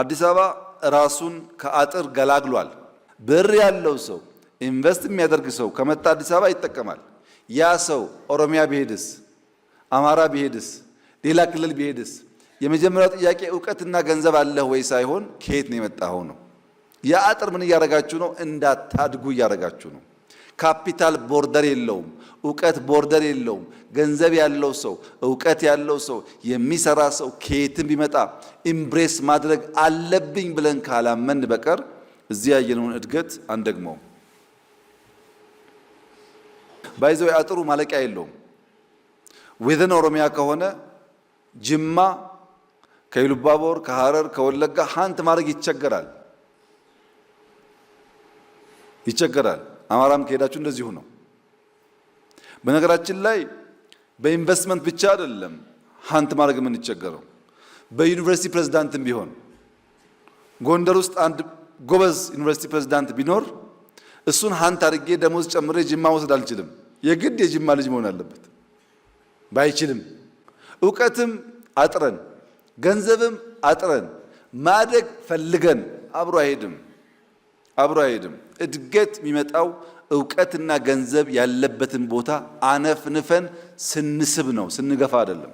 አዲስ አበባ ራሱን ከአጥር ገላግሏል። ብር ያለው ሰው ኢንቨስት የሚያደርግ ሰው ከመጣ አዲስ አበባ ይጠቀማል። ያ ሰው ኦሮሚያ ቢሄድስ፣ አማራ ቢሄድስ፣ ሌላ ክልል ቢሄድስ የመጀመሪያው ጥያቄ እውቀትና ገንዘብ አለህ ወይ ሳይሆን ከየት ነው የመጣኸው ነው። የአጥር ምን እያደረጋችሁ ነው? እንዳታድጉ እያደረጋችሁ ነው። ካፒታል ቦርደር የለውም። እውቀት ቦርደር የለውም። ገንዘብ ያለው ሰው፣ እውቀት ያለው ሰው፣ የሚሰራ ሰው ከየትም ቢመጣ ኢምብሬስ ማድረግ አለብኝ ብለን ካላመን በቀር እዚህ ያየነውን እድገት አንደግመው። ባይዘው አጥሩ ማለቂያ የለውም። ዌዘን ኦሮሚያ ከሆነ ጅማ ከኢሉባቦር ከሐረር ከወለጋ ሀንት ማድረግ ይቸገራል ይቸገራል። አማራም ከሄዳችሁ እንደዚሁ ነው። በነገራችን ላይ በኢንቨስትመንት ብቻ አይደለም ሀንት ማድረግ የምንቸገረው፣ በዩኒቨርሲቲ ፕሬዝዳንትም ቢሆን ጎንደር ውስጥ አንድ ጎበዝ ዩኒቨርሲቲ ፕሬዝዳንት ቢኖር እሱን ሀንት አድርጌ ደሞዝ ጨምሬ ጅማ መውሰድ አልችልም። የግድ የጅማ ልጅ መሆን አለበት። ባይችልም እውቀትም አጥረን ገንዘብም አጥረን ማደግ ፈልገን አብሮ አይሄድም። አብሮ አይሄድም። እድገት የሚመጣው እውቀትና ገንዘብ ያለበትን ቦታ አነፍንፈን ስንስብ ነው፣ ስንገፋ አይደለም።